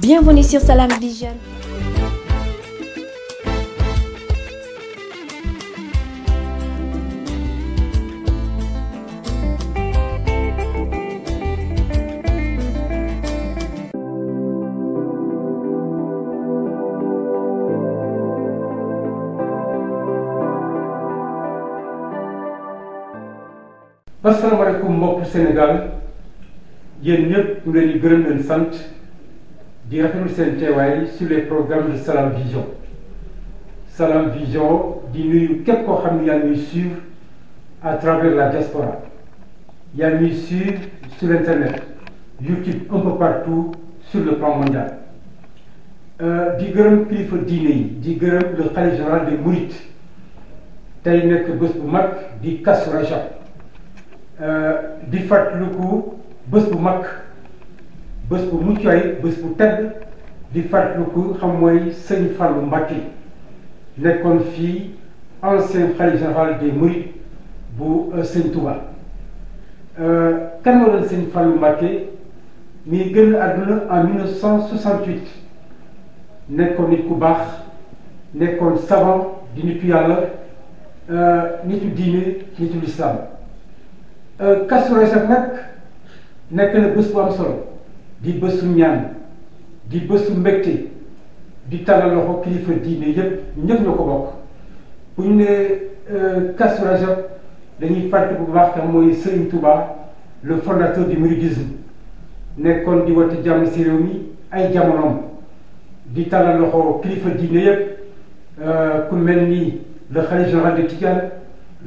Bienvenue sur Salam Vision. asalaamaaleykum mbokk Sénégal yéen ñëpp sant. di rafetlu seen teewaay sur les programmes de Salam Vision Salam Vision di nuyu képp koo xam ne yaa ñuy à travers la diaspora yaa ñuy suivre sur internet YouTube un peu partout sur le plan mondial euh, di gërëm kilifa diine yi di gërëm le khalife général des mourides nekk bés bu mag di Kazu Rajab euh, di fàttaliku bés bu mag bés bu mucc ayib bés bu tedd di fàttaliku xam mooy sëñ Fallou Mbacké nekkoon fii ancien khalife général des Mourides bu euh, sëñ Touba euh, kan moo doon sëñ Fallou Mbacké mi gën a en nekkoon nit ku baax nekkoon savant di nitu yàlla euh, nitu diine nitu lislaam Kazu Rajab nag nekk na bés bu am solo di bësu ñaan di bësu mbégte di talal loxo kilifa diine yépp ñëpp ñoo ko bokk bu ñu nee euh, Kazu dañuy fàtte bu baax tam mooy Serigne Touba le fondateur du mouridisme nekkoon di woote jàmm si réew mi ay jamonoom di talal loxo kilifa diine yépp euh, ku mel ni le khalife général de Tidiane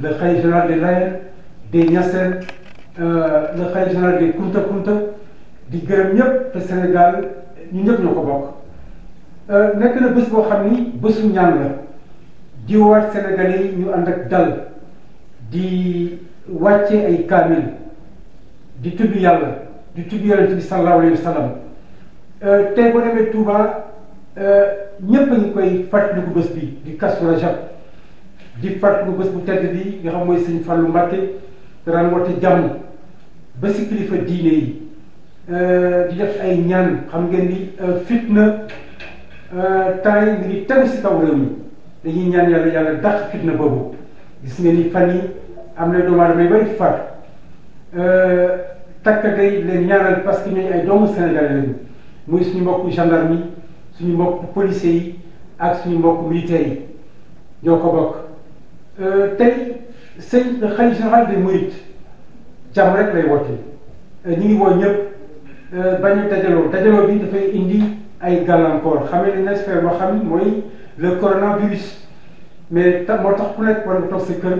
le khalife général de Layène des Niassène euh, le khalife général de Kunta Kunta di gërëm ñëpp te Sénégal ñu ñëpp ñoo ko bokk euh, nekk na bés boo xam ni bésu ñaan la di waat Sénégal yi ñu ànd ak dal di wàcce ay kaamil di tudd yàlla di tudd yonent bi sallallahu alayhi wa sallam euh, tey boo demee Touba euh, ñëpp a ngi koy fàttaliku bés bi di Kazu Rajab di fàttaliku bés bu tedd bi nga xam mooy sëñ Fallou Mbacké daan woote jàmm ba si kilifa diine yi Euh, di def ay ñaan xam ngeen ni euh, fitna temps yi mi ngi tegu si kaw réew mi dañuy ñaan yàlla yàlla dàq fitna boobu gis ngeen ni fan yi am na doomu aadama yu bari faat euh, takk day leen ñaanal parce que ñooñu ay doomu Sénégal lañu muy suñu mbokk gendarme yi suñu mbokk policier yi ak suñu mbokk militaire yi ñoo ko bokk tey sëñ xalifa général des mourides jàmm rek lay woote ñu Euh, bañ a dajaloo dajaloo bi dafay indi ay gàllankoor xam ne nañ feebar boo xam mooy le coronavirus mais moo tax ku nekk war nga toog sa kër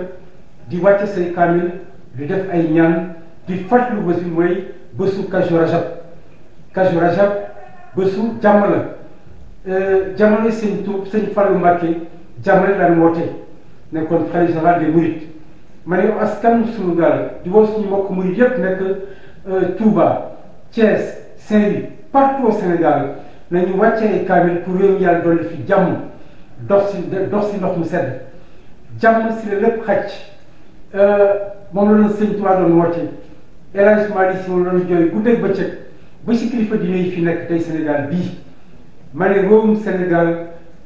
di wàcc say kaamil di def ay ñaan di fàttali bés bi mooy bésu Kazu Rajab Kazu Rajab bésu jàmm la euh, jamono sëñ Tuub sëñ Fallu Mbàkke jamono daan woote nekkoon xalifa général des Mourides ma ne askan suñu gaal di woo suñu mbokk murid yëpp nekk euh, Touba. Thiès Saint-Louis partout au Sénégal nañu wàccee kaamil pour réew mi yàlla dolli fi jàmm dox si dox si ndox mu sedd jàmm si la lépp xaj euh, moom la doon sëñ Tuubaa doon woote élargissement li si moom la doon jooy guddeeg bëccëg ba si kilifa diine yi fi nekk tey Sénégal bii ma ne réewum Sénégal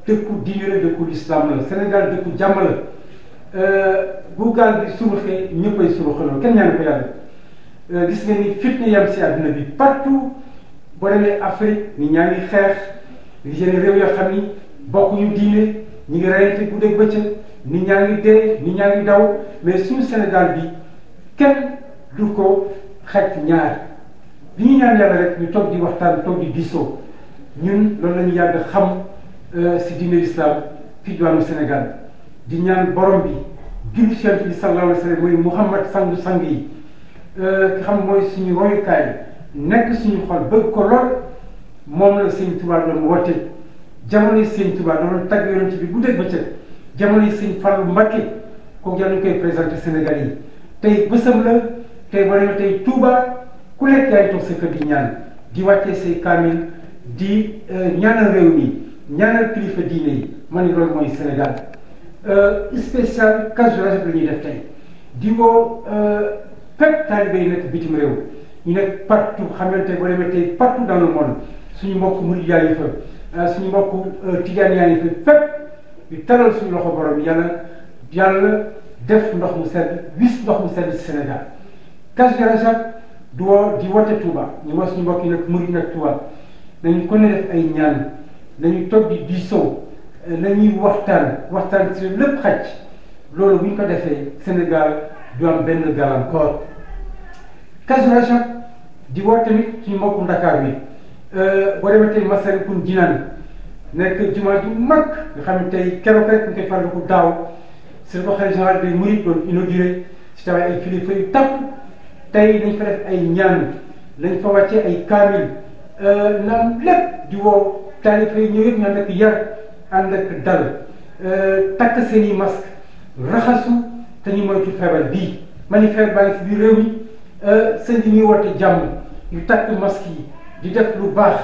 dëkku diine la dëkku lislaam la Sénégal dëkku jàmm la euh, bu gaal bi suruxee ñëppay suruxaloo kenn ñaanu ko yàlla Euh, gis nga ni fitna yam si àdduna bi partout boo demee Afrique ni ñaa ngi xeex li seen réew yoo xam ni bokkuñu diine ñu ngi reyante guddeeg bëccëg ni ñaa ngi dee ni ñaa ngi daw mais suñu senegal bi kenn du ko xaj ñaar li ñu ñaan yàlla rek ñu toog di waxtaan toog di diisoo ñun loolu la ñu yàgg xam si euh, diine islam fii diwaanu senegal di ñaan borom bi julli chef bi sallallahu alayhi wa sallam mooy Muhammad sangu sang yi Euh, ki xam mooy suñu royukaay nekk suñu xol bëgg ko lool moom la sëñ Tuubaa doon woote jamono yi sëñ Tuubaa doon tagg yonent bi bu dégg bëccëg jamono yi sëñ Fallu Mbàkke kooku yàlla ñu koy présenté Sénégal yi tey bësam la tey ba ne tey Touba ku lekk yaay toog sa kër di ñaan di wàccee say kaamil di euh, ñaanal réew mi ñaanal kilifa diine yi ma ne loolu mooy Sénégal euh, spécial casu Rajab la ñuy def tey di woo fépp taalibe yi nekk bitim réew ñu nekk partout xamante boo demee tey partout dans le suñu mbokku murid yaa ngi fa euh, suñu mbokk euh, tijaan yaa fa ñu taral suñu loxo borom yàlla yàlla def ndox mu sedd wis ndox mu sedd ci Sénégal Kazu Rajab du woo di wote Touba ñu wax suñu mbokk yi nag murid nag Touba nañu ko ne def ay ñaan nañu toog di diisoo euh, nañuy waxtaan waxtaan si lépp xaj loolu bu ñu ko defee Sénégal du am benn gàllankoor Kazu Rajab di woo tamit ci mbokku Ndakaar bi euh, boo demee tey Massalikul Jinaan nekk jumaa ju mag nga xam ne tey keroog rek ñu koy faral ko daaw seen ko xalifa général day murit doon inauguré si tamit ay kilifa yu tàpp tey dañ fa ay ñaan lañ fa wàccee ay kaamil euh, naam lépp di woo taalifa yi ñëw yëpp ñoo nekk yar ànd ak dal euh, takk seen i masque raxasu te ñu moytu feebar bii ma ni feebar baa ngi si biir réew Euh, sëñ yi ñuy woote jàmm yu takk masque yi di def lu baax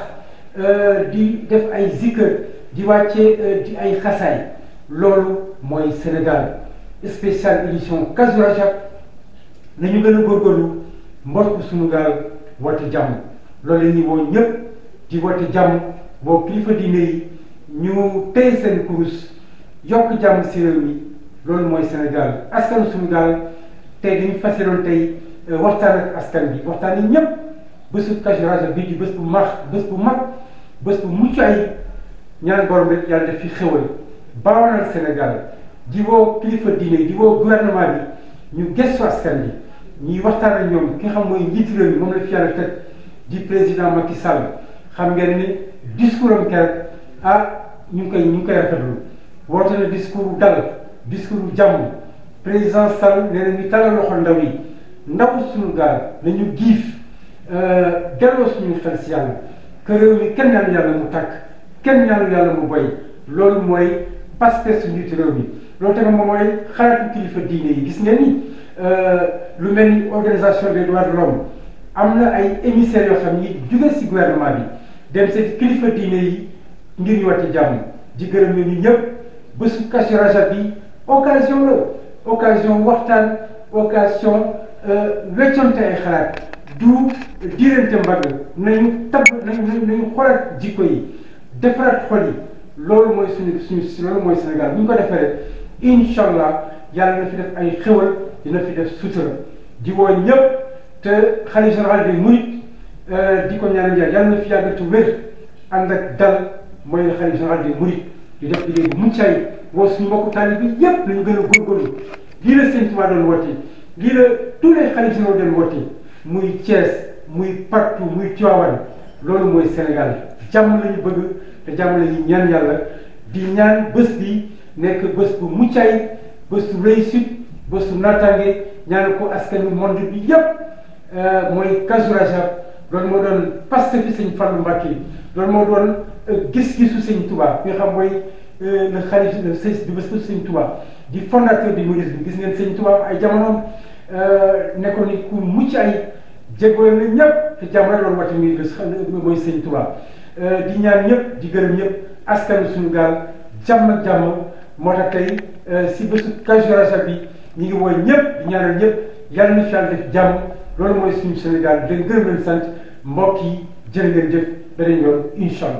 euh, di def ay zikër di wàcce euh, di ay xasaay loolu mooy Sénégal spécial édition Kazu Rajab nañu gën a góorgóorlu mbokk suñu gaal woote jàmm loolu la ñuy woo ñëpp di woote jàmm boo kilifa diine yi ñu tey seen kurus yokk jàmm si réew mi loolu mooy Sénégal askan suñu gaal tey dañu fase loon tey Euh, waxtaan ak askan bi waxtaan yi ñëpp bésu Kazu Rajab bii di bés bu mag bés bu mag bés bu mucc ay ñaan borom rek yàlla def fi xéwal baawanal Sénégal di woo kilifa diine di woo gouvernement bi ñu gëstu askan bi ñuy waxtaan ak ñoom ki nga xam mooy njiitu réew mi moom la fi yàlla teg di président Macky Sall xam ngeen ni discours am keroog ah ñu ngi koy ñu ngi koy rafetlu woote na discours dal discours jàmm président Sall nee na ñu talal loxo ndaw yi. ndaw suñu gaal nañu giif euh, delloo suñu xel si yàlla que réew mi kenn ñaanu mu tàkk kenn ñaanu yàlla mu boy loolu mooy paste suñu njiitu réew mi loolu tamit moom mooy xalaatu kilifa diine gis ngeen ni euh, lu mel ni organisation des am na ay émissaires yoo xam ni jóge si gouvernement bi dem seeti kilifa diine yi ngir ñu wàcc jàmm di gërëm ñu ñëpp bésu Kazu Rajab bi occasion la waxtaan occasion Euh, wéccoonte ay xalaat du diirante mbagg nañu tab nañu nañu xoolaat jikko yi defaraat loolu mooy suñu suñu loolu mooy Sénégal bu ñu ko defaree incha allah yàlla na fi def ay xéwal dina fi def sutura di woo ñëpp te xalifa général bi murit euh, di ko ñaanal yàlla yàlla na fi yàggatu wér ànd ak dal mooy xalifa général bi murit di def liggéey bu mucc ayib woo suñu mbokku taalib bi yëpp nañu gën a góorgóorlu lii la seen tubaab doon woote lii la tous les xalif généraux dem woote muy cees muy partout muy Tivaouane loolu mooy Sénégal jàmm la ñu bëgg te jàmm la ñaan yàlla di ñaan bës bi nekk bés bu muccaay bës bu réussite bés bu nattange ñaan ko askanu monde bi yépp euh, mooy Kazu Rajab loolu moo doon passe fi sëñ Fallou Mbacké loolu moo doon euh, gis-gisu sëñ Touba bi nga xam mooy Euh, le xalif le sëñ di bëstu sëñ Tuubaa di fondateur du mouridisme gis ngeen sëñ Tuubaa ay jamonoom euh, nekkoon ni ku mucc ay jéggoo na ñëpp te jàmm rek mooy sëñ Tuubaa euh, di ñaan ñëpp di gërëm ñëpp askan suñu gaal jàmm ak jàmm moo tax tey si bésu Kazu Rajab bi ñu ngi wooy ñëpp di ñaanal ñëpp yàlla na fi yàlla def jàmm mooy suñu Sénégal di leen gërëm leen sant mbokk yi jërë ngeen jëf beneen